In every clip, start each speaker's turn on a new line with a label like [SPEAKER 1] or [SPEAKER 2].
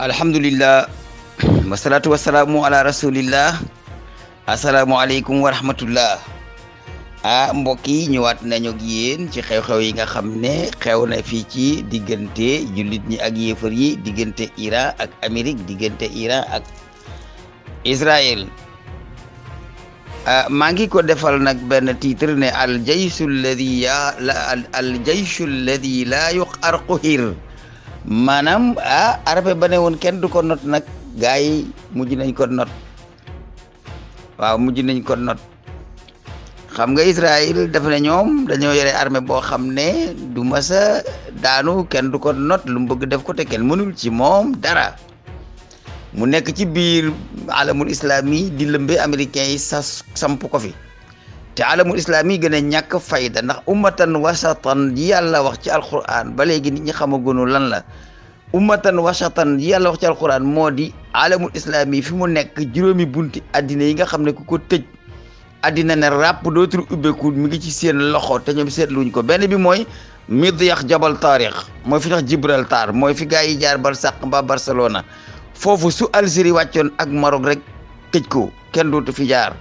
[SPEAKER 1] alhamdulillah wassalatu wassalamu ala rasulillah asalaamaaleykum warahmatullah a ah mbokk yi ñëwaat nañu ak yéen ci xew-xew yi nga xam ne xew na fii ci diggante jullit ñi ak yéefar yi diggante Iran ak Amérique diggante Iran ak Israël maa ngi ko defal nag benn titre ne al jaysu alladi ya al jaysu alladi la yuqarquhir manam a arabe bane won kenn du ko not nag gaa mujj nañ ko not waaw mujj nañ ko not xam nga israël dafa na ñoom dañoo yore armée bo xam ne du masa daanu kenn du ko not lu bëgg def ko te kenn mënul ci dara mu nekk ci biir alamul islami di lëmbe américain yi sas samp ko fi te alamul islaam yi gën a ñàkk fayda ndax ummatan wasatan yi yàlla wax ci alquran ba léegi nit ñi xamagunu lan la ummatan wasatan yi yàlla wax ci alquran moo di alamul islaam yi fi mu nekk juróomi bunti addina yi nga xam ne ku ko tëj addina ne ràpp dootul ubbeeku mi ngi ci seen loxo te ñoom seetluñ ko benn bi mooy Midyax Jabal Taarix mooy fi tax Gibraltar mooy fi gaa yi jaar Barsàq mbaa Barcelona foofu su Algérie wàccoon ak Maroc rek tëj ko kenn dootu fi jaar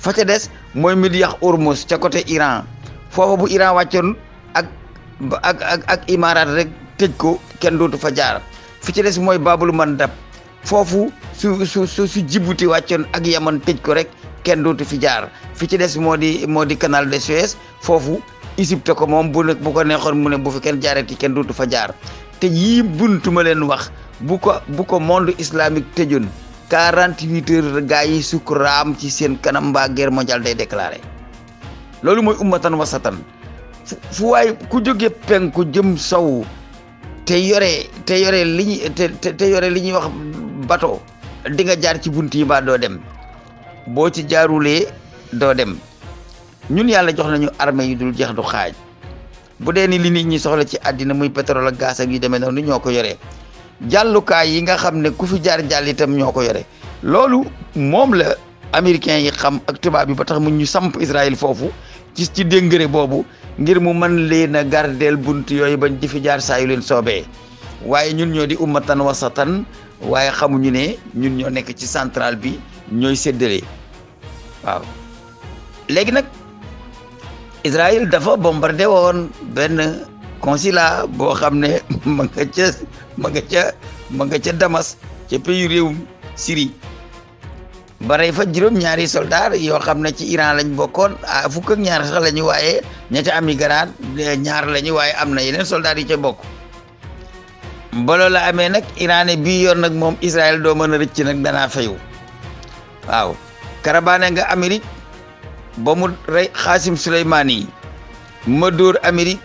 [SPEAKER 1] fa ca des mooy Midyaq Urmus ca côté Iran foofa bu Iran wàccoon ak ak ak ak Imaaraat rek tëj ko kenn dootu fa jaar fi ci des mooy Babul Mandab foofu su su su su Djibouti wàccoon ak Yaman tëj ko rek kenn dootu fi jaar fi ci des moo di moo di canal de Suez foofu Égypte ko moom bu bu ko neexoon mu ne bu fi kenn jaarati kenn dootu fa jaar te yii buntu ma leen wax bu ko bu ko monde islamique tëjoon. 48 heures gaa yi sukkuraam ci seen kanam mbaa guerre mondiale day déclaré loolu mooy ummatan wasatan fu waay ku kujem penku jëm sow te yore te yore li ñuy te te yore li ñuy wax bato di nga jaar ci bunt yi mbaa dem ci jaarulee doo dem ñun yàlla jox nañu armée yu dul jeex du xaaj bu dee ni li nit ñi soxla ci àddina muy pétrole ak gaz ak yu demee noonu ñoo ko jàllukaay yi nga xam ne ku fi jaar jàll ñoo ko yore loolu moom la américains yi xam ak tubaab bi ba tax mu ñu samp Israël foofu ci ci déngëre boobu ngir mu mën leen a gardeel bunt yooyu bañ di fi jaar saa yu leen soobee waaye ñun ñoo di ummatan wasatan waaye xamuñu ne ñun ñoo nekk ci centrale bi ñooy séddale waaw léegi nag Israël dafa bombardé woon benn consulat boo xam ne ma nga ca ma nga ca ma nga ca Damas ca pays réewum Syrie ba rey fa juróom-ñaari soldat yoo xam ne ci Iran lañ bokkoon a fukk ak ñaar sax la waaye ña ca ami garaat ñaar la waaye am na yeneen soldat yi ca bokk ba la amee nag Iran ne bii yoon nag moom Israël doo mën a rëcc nag danaa fayu waaw karabaane nga Amérique ba mu rey Xaasim Suleymaan ma dóor Amérique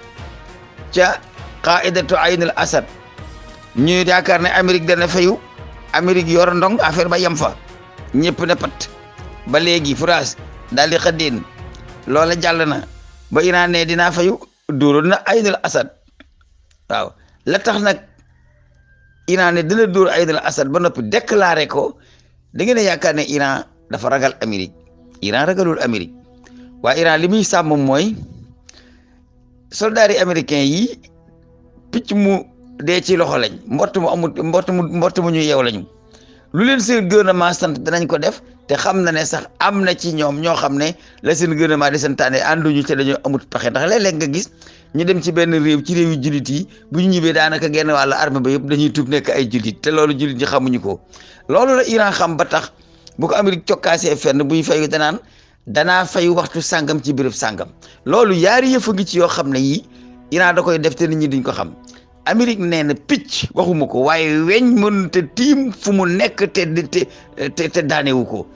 [SPEAKER 1] ca qaidatu aynul asad ñuy yaakaar ne Amérique dana fayu Amérique yor ndong affaire ba yem fa ñëpp ne pat ba léegi France daal di xëddeen loola jàll na ba Iran ne dinaa fayu duuroon na aynul asad waaw la nag Iran ne dina dóor aynul asad ba noppi déclaré ko da ngeen yaakaar ne Iran dafa ragal Amérique Iran ragalul Amérique waaye Iran li muy sàmm mooy soldaari yi américain yi picc mu dee ci loxo lañ mbott mu amul mbott mu mbott mu ñu yeew lañu lu leen seen gouvernement sant danañ ko def te xam na ne sax am na ci ñoom ñoo xam ne la seen gouvernement di santaane ànduñu te dañoo amut pexe ndax léeg-léeg nga gis ñu dem ci benn réew ci réew yu jullit yi bu ñu ñibbee daanaka genn wàll armée ba yëpp dañuy tuub nekk ay jullit te loolu jullit ñi xamuñu ko loolu la Iran xam ba tax bu ko Amérique cokkaasee fenn buy fayu danaan danaa fay waxtu sàngam ci béréb sàngam loolu yaari yëfa ngi ci yoo xam ne yii Iran da koy def te nit ñi duñ ko xam Amérique nee na picc waxuma ko waaye weñ mënut a tiim fu mu nekk te te daanewu ko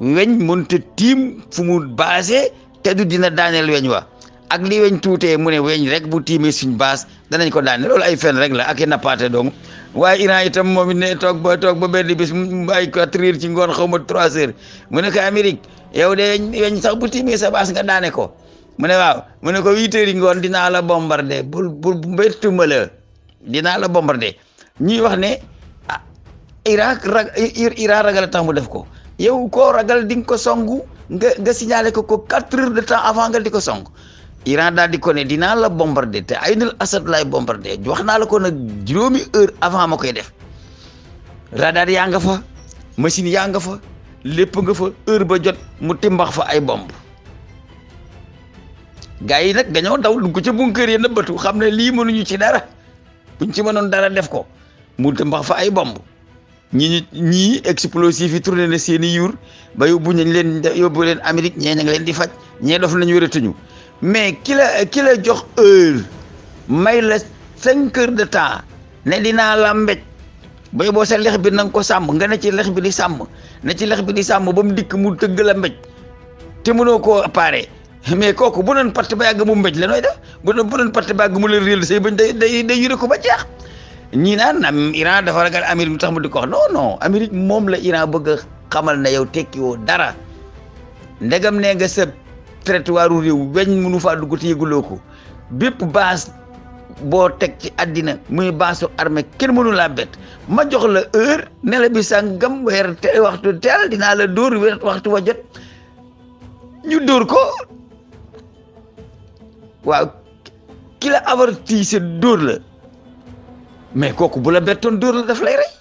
[SPEAKER 1] weñ mënut tiim fu mu basé te dina daaneel weñ wa ak li weñ tuutee mu ne weñ rek bu tiimee suñ baas danañ ko daane loolu ay fen rek la ak i nappaate dong waaye Iran itam moom it ne toog ba toog ba benn bis mu ay quatre ci ngoon xaw ma trois heures mu ne ko Amérique. yow de weñ sax bu tiimee sa baas nga daane ko mu ne waaw mu ne ko huit heures yi ngoon dinaa la bombardé bul bul mbéttuma la dinaa la bombardé ñuy wax ne ah Irak rag Iran ragal tam mu def ko yow ko ragal di nga ko songu nga nga signalé ko ko quatre heures de temps avant nga di ko song Iran daal di ko ne dinaa la bombardé te Aynul Asad laay bombardé wax naa la ko nag juróomi heure avant ma koy def radar yaa nga fa machine yaa fa. lépp nga fa heure ba jot mu timbax fa ay bomb gars yi nag dañoo daw dugg ca kër yi nëbbatu xam ne lii mënuñu ci dara buñ ci mënoon dara def ko mu timbax fa ay bomb ñi ñii explosif yi tourné na seen i yuur ba yóbbu nañ leen yóbbu leen Amérique ñee ña ngi leen di faj ñee dof nañu wératuñu mais ki la ki la jox heure may la cinq heures de temps ne dinaa la mbéj bay boo sa lex bi na nga ko sàmm nga ne ci lex bi di sàmm na ci lex bi di sàmm ba mu dikk mu tëgg a mbéj te mënoo ko appaare mais kooku bu doon patt ba yàgg mu mbéj la nooy def bu doon bu doon patt ba yàgg mu la réel say ko ba jeex ñii naan am Iran dafa ragal Amérique mu tax mu di ko wax non non Amérique moom la Iran bëgg a xamal na yow tekki woo dara ndegam ne nga sa traité waaru réew weñ mënu faa dugg te yëguloo ko bépp base boo teg ci àddina muy baasu armée kenn mënu laa ma jox la heure ne la bi sàngam weer te waxtu teel dinaa la dóor weer waxtu wa jot ñu dóor ko waaw ki la averti sa dóor la mais kooku bula la bettoon dóor la daf lay rey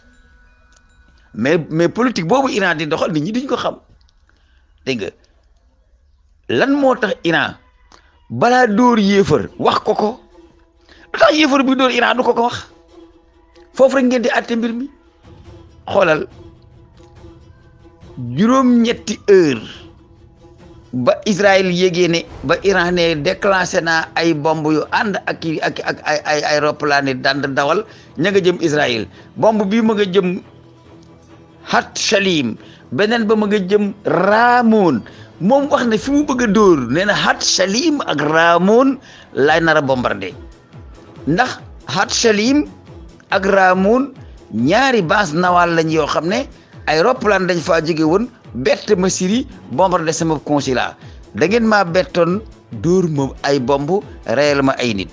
[SPEAKER 1] mais mais politique boobu Iran di doxal nit ñi duñ ko xam dégg nga lan moo tax Iran balaa dóor yéefar wax ko ko lu tax yéefar bi dóor Iran du ko ko wax foofu rek ngeen di àtte mbir mi xoolal juróom-ñetti heure ba Israël yégee ne ba Iran ne déclenché naa ay bomb yu ànd ak ak ay ay dand dawal ña nga jëm Israël bomb bi ma nga jëm Hat Shalim beneen ba ma nga jëm Ramoun moom wax ne fi mu bëgg a dóor nee na Hat Shalim ak Ramoun lay nar a bombardé ndax Hatchalim ak Ramoun ñaari base nawaal lañ yoo xam ne ay roppalaan dañ faa jóge woon bett ma Syrie bombardé sama consulat da ngeen ma ay bomb reyal ma ay nit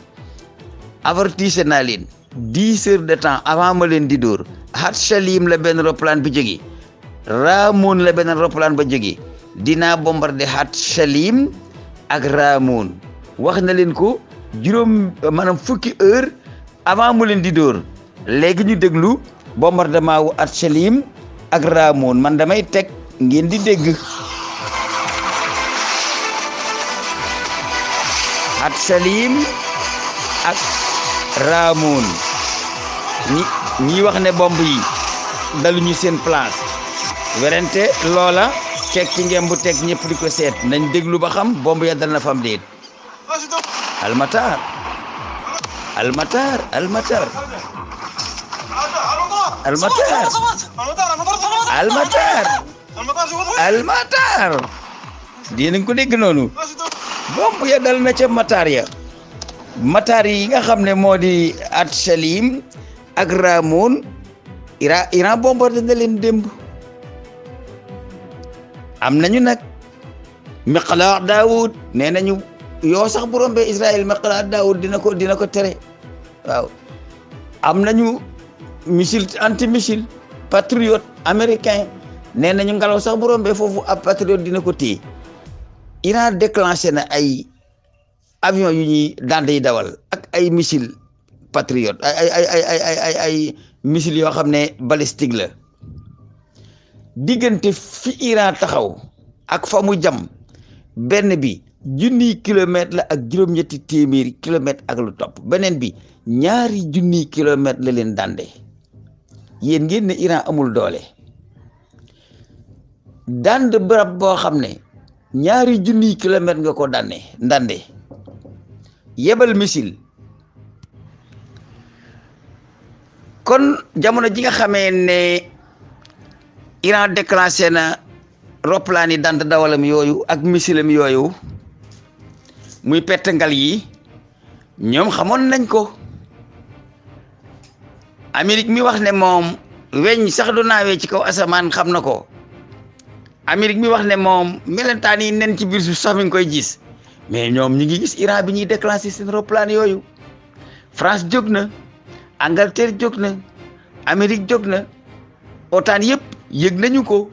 [SPEAKER 1] avertise naa leen heures de temps avant ma leen di dóor Hatchalim la benn roplan bi jóge Ramoun la benn roppalaan ba jóge dinaa bombardé Hatchalim ak Ramoun wax na leen ko juróom maanaam fukki heure avant mu leen di dóor léegi ñu déglu bombardement wu Arselim ak Ramoon man damay teg ngeen di dégg Arselim ak Ramoon ñi ñi wax ne bomb yi daluñu seen place werante loola tek ci ngeen bu teg ñëpp di ko seet nañ ba xam bomb ya dal na fam déet المطار المطار المطار المطار المطار المطار dinañ ko dégg noonu bomb ya dal na ca matar ya matar yi nga xam ne di at salim ak ramoun ira iran bombardé na leen démb am nañu nag miqlaax daawud nee yoo sax bu rombee Israël maqala Daawud dina ko dina ko tere waaw am nañu missile anti missil patriote américain nee nañu ngelaw sax bu rombee foofu ab patriote dina ko téye Iran déclenché na ay avion yu ñuy daan yi dawal ak ay missile patriote ay ay missile yoo xam ne balistique la diggante fi Iran taxaw ak fa mu jam benn bi. junniy kilomètre la ak juróom-ñetti téeméeri kilomètre ak lu topp beneen bi ñaari junniy kilomètre la leen dànde yéen ngeen ne Iran amul doole dànd barab boo xam ne ñaari junniy kilomètre nga ko dànde ndànde yebal kon jamono ji nga xamee ne Iran déclenché na roplaan yi dànd dawalam yooyu ak misilam yooyu muy pettangal yii ñoom xamoon nañ ko Amérique mi wax ne moom weñ sax du naawee ci kaw asamaan xam na ko Amérique mi wax ne moom melentaan yi nen ci biir su sax mi ngi koy gis mais ñoom ñu ngi gis Iran bi ñuy déclenché seen roplaan yooyu France jóg na Angleterre jóg na Amérique jóg na otaan yëpp yëg nañu ko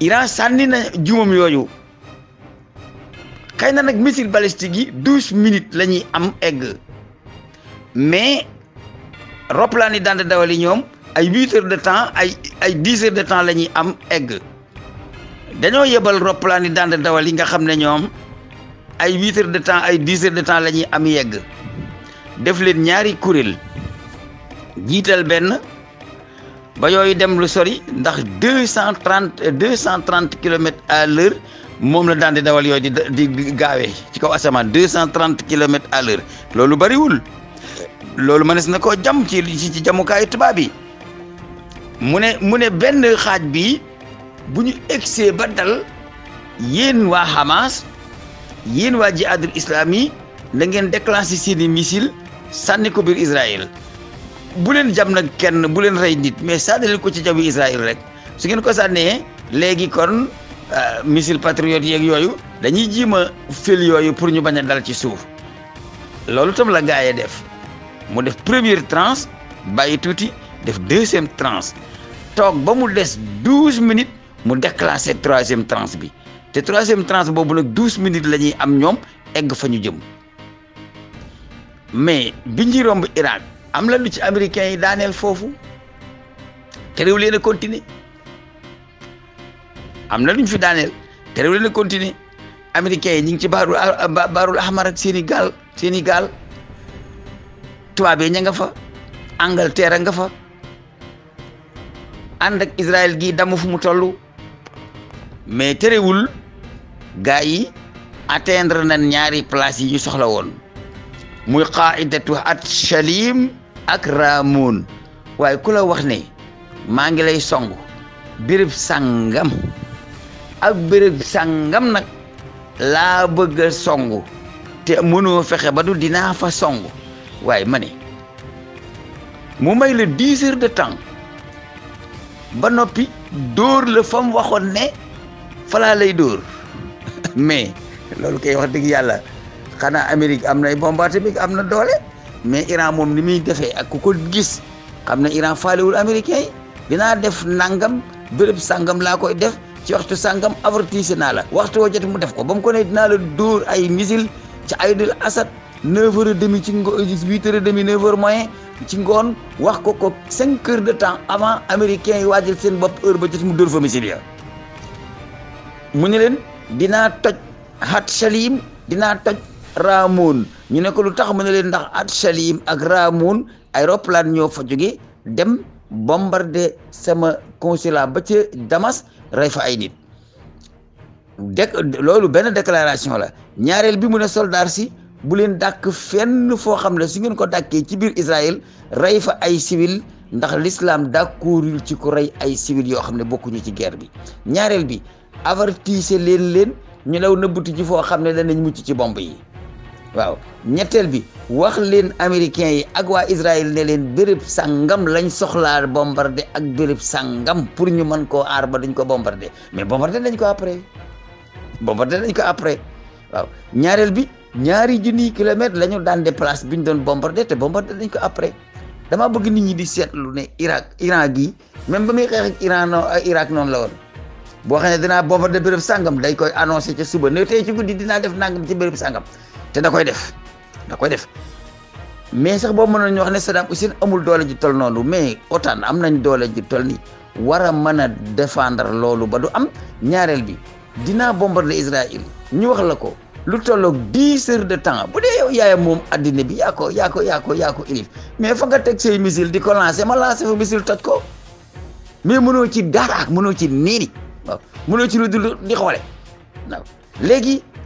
[SPEAKER 1] Iran sànni na jumam yooyu xëy na nag missile balistique yi douze minutes la ñuy am egg mais roplaan yi daan dawal ñoom ay huit heures de temps ay ay dix heures de temps la ñuy am egg dañoo yebal roplaan yi daan dawal yi nga xam ne ñoom ay huit heures de temps ay dix de temps la am yegg def leen ñaari kuréel jiital benn ba yooyu dem lu sori ndax deux cent trente cent trente kilomètres à l'heure moom la daan di dawal yooyu di di gaawee ci kaw asamaan deux cent trente kilomètres à l'heure loolu bariwul loolu mënees na koo jam ci ci jamukaayu tubaab yi mu ne mu ne benn xaaj bi bu ñu egsee ba dal yéen waa Hamas yéen waa jihaadul islami da ngeen déclenché seeni missile sànni ko biir Israël bu leen jam nag kenn bu leen rey nit mais sànni leen ko ci jamu Israël rek su ngeen ko sànnee léegi kon. Euh, missile patriote yeeg yooyu dañuy jiim a fil yooyu pour ñu bañ a dal ci suuf loolu tam la gaa yi def mu def première tranche bay tuuti def deuxième tranche toog ba mu des douze minutes mu déclassé troisième tranche bi te troisième tranche boobu nag douze minutes la ñuy am ñoom egg fa ñu jëm mais bi ñuy iraan am la lu ci américains yi daaneel foofu te réew leen a continuer am na luñ fi daaneel terewul na continuer américains yi ñu ngi ci baaru baarul ahmar ak seeni gaal seeni gaal tubaab yi ña nga fa Angleterre nga fa ànd ak Israël gi damu fu mu toll mais terewul gars yi atteindre nañ ñaari place yi ñu soxla woon muy qaidatu at shalim ak ramoun waaye ku la wax ne maa ngi lay song birib sàngam ak bërëb sàngam nag laa bëgg songu te mënoo fexe ba du dinaa fa songu waaye ma mu may la dix heures de temps ba noppi door la fa mu waxoon ne falaa lay dóor mais loolu kay wax dëgg yàlla xanaa Amérique am na bombe atomique am na doole mais Iran moom ni muy defee ak ko gis xam ne Iran faalewul américain yi dinaa def nangam bërëb sàngam laa koy def ci waxtu sàngam avertise naa la waxtu woo jot mu def ko ba mu ko ne dinaa la dóor ay misil ci aydul asad neuf heures et demi ci ngo euh, huit heures et demi neuf heures ci ngoon wax ko ko cinq heures de temps avant américain yi waajal seen bopp heure ba jot mu dóor fa misil ya mu ne leen dinaa toj hat shalim dinaa toj Ramoun ñu ne ko lu tax mu ne leen ndax at Salim ak Ramoun ay roplaan ñoo fa jóge dem bombardé sama consulat ba ca Damas rey fa ay nit dek loolu benn déclaration la ñaareel bi mu ne soldaar si bu leen dàkk fenn foo xam ne su ngeen ko dàkkee ci biir Israël rey fa ay civil ndax l'islam d'accordul ci ku rey ay civil yoo xam ne bokkuñu ci geer bi ñaareel bi avertissez leen leen ñu law nëbbutu ji foo xam ne la danañ mucc ci bomb yi waaw ñetteel bi wax leen américain yi ak waa israël ne leen béréb sangam lañ soxlaa bombardé ak béréb sangam pour ñu mën koo aar ba ko bombardé mais bombardé nañ ko après bombardé nañ ko après waaw ñaareel bi ñaari kilometer kilomètre lañu daan déplace biñ doon bombardé te bombardé nañ ko après dama bëgg nit ñi di seetlu ne Irak Iran gi même ba muy xeex ak Iran non Irak noonu la woon boo xam ne dinaa bombardé béréb sangam dañ koy annoncé ca suba ne tey ci guddi dinaa def nangam ci te da koy def da koy def mais sax boo mënoon ñu wax ne Saddam Hussein amul doole ji tol noonu mais OTAN am nañ doole ji tol nii war a mën a défendre loolu ba du am ñaareel bi dinaa bombarder Israël ñu wax la ko lu tolloog dix heures de temps bu dee yow yaayam moom addina bi yaa ko yaa ko yaa ilif mais fa nga teg say missile di ko lancé ma lancé fa missile toj ko mais mënoo ci dara mënoo ci niiri waaw mënoo ci lu dul di xoole waaw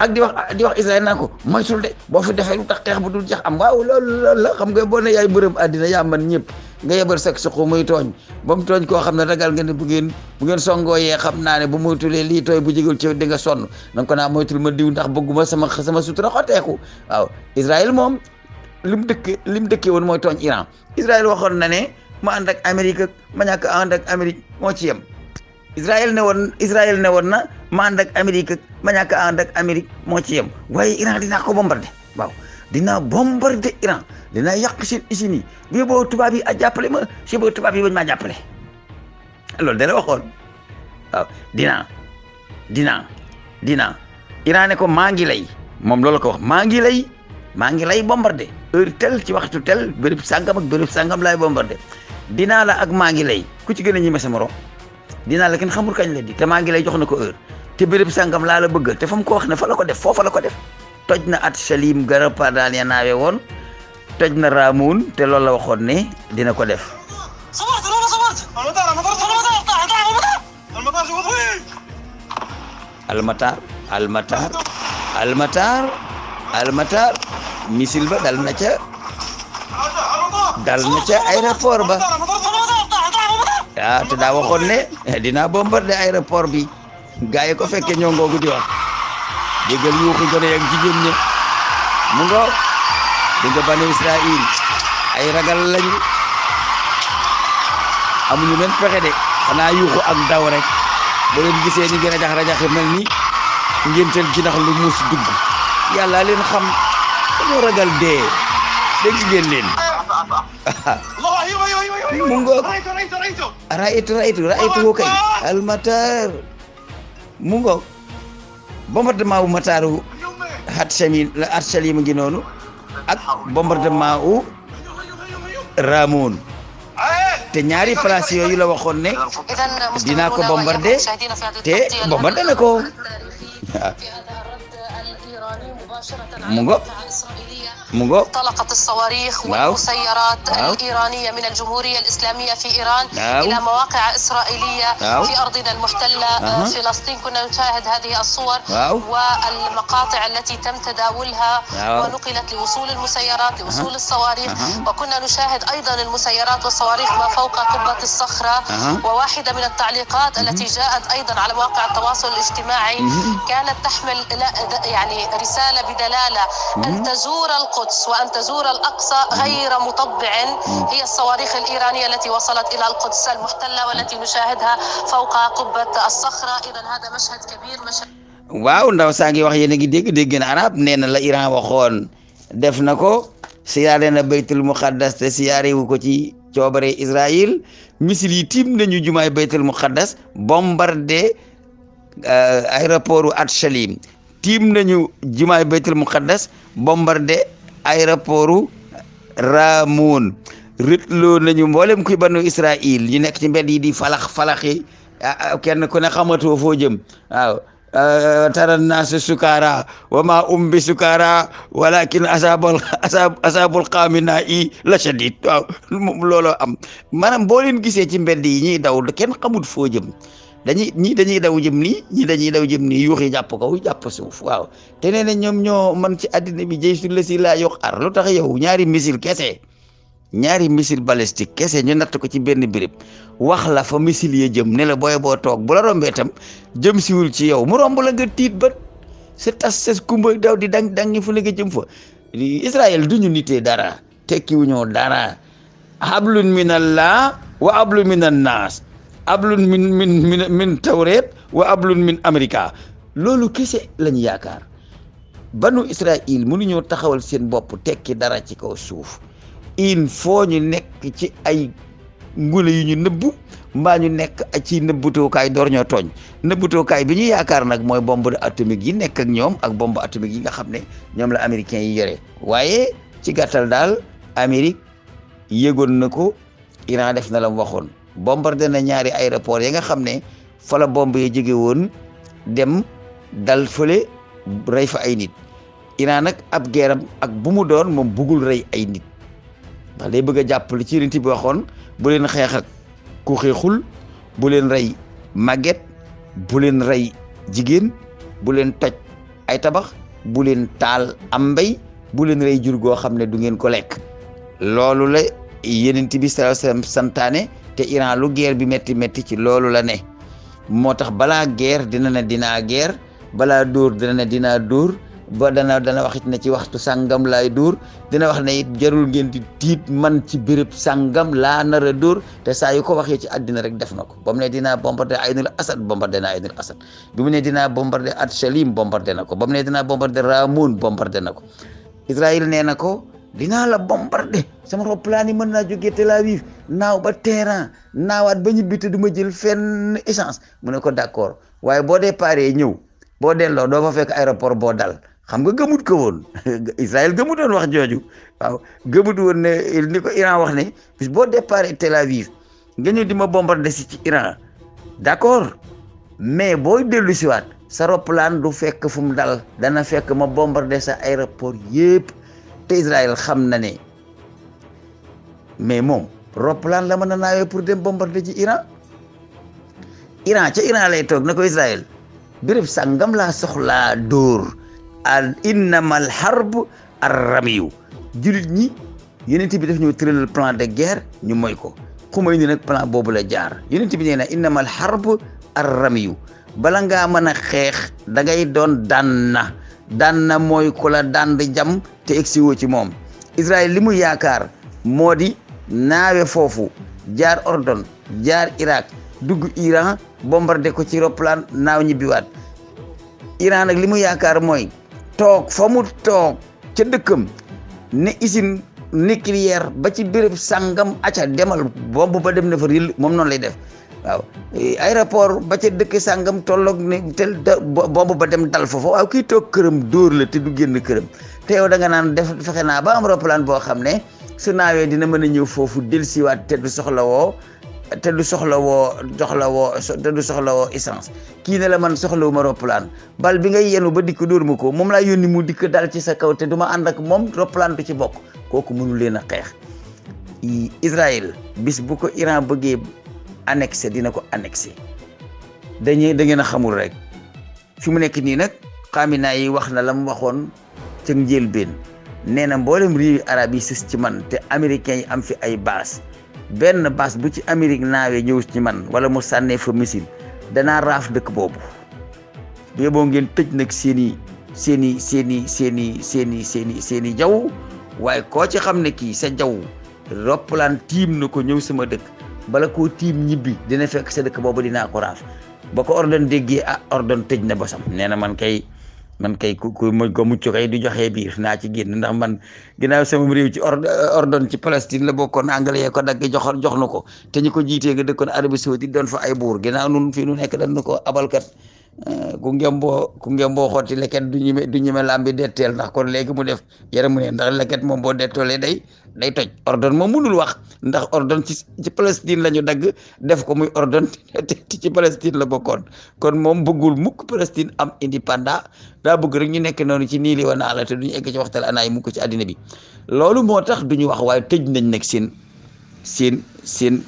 [SPEAKER 1] ak di wax di wax Israël naa ko moytul de boo fi defee lu tax xeex bu dul jax am waaw loolu loolu la xam nga boo na yaay bërëm àddina yaa man ñëpp nga yebar sak suqu muy tooñ ba tooñ koo xam ne ragal nga ne bu ngeen bu ngeen songoo yee xam naa ne bu moytulee lii tooy bu jegul ci di nga sonn na nga ko ma diw ndax bëgguma sama sama sutura xoteeku waaw Israël moom li mu dëkk li mu dëkkee woon mooy tooñ Iran Israël waxoon na ne ma ànd ak Amérique ma ànd ak Amérique moo ci yem Israël ne woon Israël ne woon na ma ànd ak Amérique ak ma moo ci yem waaye Iran dinaa ko bombardé waaw dinaa bombardé Iran dina yàq seen usines yi bii boo tubaab yi a jàppale ma si boo tubaab yi bañ maa jàppale loolu dana waxoon dina dina dina dinaa Iran ne ko maa ngi lay moom loolu ko wax maa ngi lay maa ngi lay bombardé heure tel ci waxtu tel béréb sàngam ak béréb sàngam laay bombardé dinaa la ak maa ngi lay ku ci gën a ñi ma morom dinaa la kenn xamul kañ la di te maa ngi lay jox na ko heure te béréb sàngam laa la bëggal te fa mu ko wax ne fa ko def foofa la ko def toj na at salim garab padaan ya naawe woon toj na raamuun te loolu la waxoon ne dina ko def almatar almatar almatar almatar misil ba dal na ca dal na ca ba ya to da waxoon ne eh, dinaa bombarder aéroport bi gaa ko fekkee ñoo ngoogu di wax déggal yuuxu gone ak jigéen ña mu ngoo di nga bani israil ay ragal lañu amuñu benn pexe de xanaa yuuxu ak daw rek bu leen gisee ni gën a jax rajaxi mel ni ngéntal jinax lu muus dugg yàlla leen xam dañoo ragal dee dégg ngeen leen mu ngoog raaytu raaytu raaytu kay almatar mu ngoog bombardement wu matar wu Hatsami Hatsalim ngi noonu ak bombardement wu Ramoun te ñaari place yooyu la waxoon ne dinaa ko bombardé te bombardé na ko مباشرة على الإسرائيلية مبو. طلقت الصواريخ نعم. والمسيرات نعم. الإيرانية من الجمهورية الإسلامية في إيران نعم. إلى مواقع إسرائيلية في أرضنا المحتلة آه، فلسطين كنا نشاهد هذه الصور والمقاطع التي تم تداولها ونقلت لوصول المسيرات لوصول الصواريخ وكنا نشاهد أيضا المسيرات والصواريخ ما فوق قبة الصخرة وواحدة من التعليقات التي جاءت أيضا على مواقع التواصل الاجتماعي كانت تحمل يعني رسالة بدلالة أن تزور القدس وأن تزور الأقصى غير مطبع هي الصواريخ الإيرانية التي وصلت إلى القدس المحتلة والتي نشاهدها فوق قبة الصخرة إذا هذا مشهد كبير مشهد waaw ndaw saa ngi wax yéen a ngi dégg dégg na arab nee na la Iran waxoon def na ko siyaare na baytul muqaddas te siyaare wu ko ci coobare Israël misil yi tiim nañu jumaay baytul muqaddas bombardé aéroport u At Shalim tiim nañu jumaay baytul muqaddas bombardé aéroportu Ramoun rëtloo nañu mboolem kuy banu Israil ñu nekk ci mbedd yi di falax falaxi ah, ah, kenn ku ne xamatoo foo jëm waaw euh, taran naasu sukaara wa ma um sukaara walakin asabul asabul xaami la shadid waaw am maanaam boo leen gisee ci mbedd yi ñuy daw kenn xamut foo jëm dañuy ñii dañuy daw jëm nii ñii dañuy daw jëm nii yuuxi jàpp kaw jàpp suuf waaw te nee ñoom ñoo man ci àddina bi jëy sulla si laa yox ar lu tax yow ñaari missile kese ñaari missile balistique kese ñu natt ko ci benn béréb wax la fa missile ya jëm ne la booy boo toog bu la rombee tam jëm siwul ci yow mu romb la nga tiit ba sa tas sa kumba daw di dang dang fu ne jëm fa Israël duñu nitee dara tekkiwuñoo dara hablun minallah wa hablun minan naas ablun min min min min tawreet wa ablun min america loolu kese lañu yaakaar banu nu ñëw taxawal seen bopp tekki dara ci kaw suuf il faut ñu nekk ci ay ngule yu ñu nëbbu mbaa ñu nekk ci nëbbatookaay door ñoo tooñ nëbbatookaay bi ñu yaakaar nag mooy bombe atomique yi nekk ak ñoom ak bombe atomique yi nga xam ne ñoom la américains yi yore waaye ci gàttal daal Amérique yëgoon na ko Iran def na la waxoon bombardé na ñaari aéroport ya nga xam ne fa bomb ya jóge woon dem dal fële rey fa ay nit Iran nag ab geeram ak bu mu doon moom bëggul rey ay nit ndax day bëgg a jàppale ci yonent bi waxoon bu leen xeex ak ku xeexul bu rey màgget buleen rey jigéen bu leen toj ay tabax buleen taal am mbéy bu leen rey jur goo xam ne du ngeen ko lekk loolu la yonent bi sallallahu alayhi santaane te Iran lu guerre bi métti métti ci loolu la ne moo tax balaa guerre dina ne dinaa guerre balaa dóor dina ne dinaa dóor ba dana dana wax it ne ci waxtu sangam laay door dina wax ne it jarul ngeen di tiit man ci béréb sangam laa nar a dóor te saa yu ko waxee ci àddina rek def na ko ba ne dinaa bombardé Aynul Asad bombardé na Aynul Asad bi mu ne dinaa bombardé At Shalim bombardé na ko ba mu ne dinaa bombardé Ramoun bombardé na ko Israël nee na ko dinala la bombardé sama roplaan yi mën na jógee tel aviv naaw ba terrain naawaat ba ñibbi te du ma jël fenn essence mu ne ko d' accord waaye boo dee paree ñëw boo delloo doo fa fekk aéroport boo dal xam nga gëmut ko israël gëmut wax waaw gëmut ne ni ko iran wax ne bis boo déparé tel aviv nga di ma bombardé ci iran Dakor? accord mais booy dellu siwaat sa roplaan du fekk fu dal dana fekk ma bombardé sa aéroport te Israël xam na ne mais moom roppalaan la mën a naawee pour dem bombarder ci Iran Iran ca Iran lay toog na ko Israël béréb sàngam laa soxlaa dóor al innamal harb ar ramiyu julit ñi yonent bi def ñoo tëralal plan de guerre ñu moy ko xumay ni nag plan boobu jaar yonent bi nee na innamal harb ar ramiyu bala ngaa mën a xeex da doon daan daan na mooy ku la dand jam te egsi woo ci moom Israël li mu yaakaar moo di naawe foofu jaar Ordon jaar Irak dugg Iran bombardé ko ci roplaan naaw ñibbiwaat Iran nag li mu yaakaar mooy toog fa toog ca dëkkam ne usine nucléaire ba ci béréb sangam aca demal bomb ba dem na fa ril moom noonu lay def waaw aéroport ba ca dëkk sàngam tollook ne tel bomb ba dem dal foofu waaw kii toog këram dóor la te du génn këram te yow da naan def fexe naa ba am roplaan boo xam ne su naawee dina mën a ñëw foofu dellusiwaat te du soxla woo te du soxla woo soxla woo te du soxla woo essence kii ne la man soxlawu ma roplaan bal bi ngay yenu ba dikk dóor ma ko moom laa yónni mu dikk dal ci sa kaw te du ma ànd ak moom roplaan du ci bokk kooku mënu leen a xeex Israël bis bu ko Iran annexé dina ko annexé dañuy da ngeen a xamul rek fi mu nekk nii nag xaaminaa yi wax na la mu waxoon ca njëlbéen nee na mboolem réewi arab yi sës ci man te américains yi am fi ay base benn base bu ci amerique naawee ñëw ci man wala mu sànnee fa missile danaa raaf dëkk boobu bu yeboo ngeen tëj nag seen seeni seeni seeni seeni i seen seeni seen i seen i seen i jaww waaye koo ci xam ne kii sa jaww roppalaan tiim na ko ñëw sama dëkk bala koo tiim ñibbi dina fekk sa dëkk boobu dina ko raaf ba ko ordonne déggee a ah, ordon tëj na bosam nee na man kay man kay ku ku ko mucc kay du joxee biir naa ci génn ndax man ginnaaw sama réew ci ordonne ci Palestine la bokkoon anglais yee ko dagg jox jox na ko te ñu ko jiitee nga dëkkoon Arabie Saoudite doon fa ay buur ginnaaw nun fii nu nekk dañ na ko abalkat ku ngemboo ku ngemboo xotti leket du ñime du ñime làmbi detteel ndax kon léegi mu def yaram mu ne ndax leket moom boo dettoolee day day toj ordonne moom mënul wax ndax ordonne ci ci Palestine la ñu dagg def ko muy ordonne ci Palestine la bokkoon kon moom bëggul mukk Palestine am indépendant daa bëgg rek ñu nekke noonu ci nii li wana la te duñu egg ci waxtal anaay mukk ci àddina bi loolu moo tax ñu wax waaye tëj nañ nag seen siin siin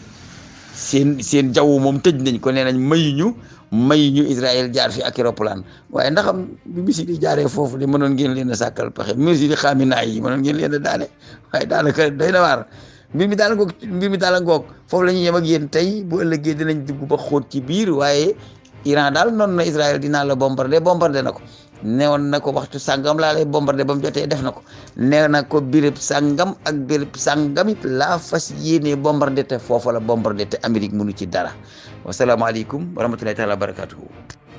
[SPEAKER 1] seen seen jaww moom tëj nañ ko nee nañ mayuñu may ñu Israël jaar fi ak i roppalaan waaye ndaxam bi misi di jaaree foofu li mënoon ngeen leen a sàkkal pexe misi di xaami naay yi mënoon ngeen leen a daane waaye daanaka doy na waar mi daal ngoog mbir mi daal ngoog foofu la ñuy yem ak yéen tey bu ëllëgee nañ dugg ba xoot ci biir waaye Iran daal noonu na Israël dinaa la bombarde bombardé na ko newoon na ko waxtu sàngam laa lay bombarde ba mu jotee def na ko nee na ko béréb sangam ak béréb sàngam it laa fas yéenee bombardé te foofa la bombardé te Amérique mënu ci dara Wassalamualaikum warahmatullahi wabarakatuh.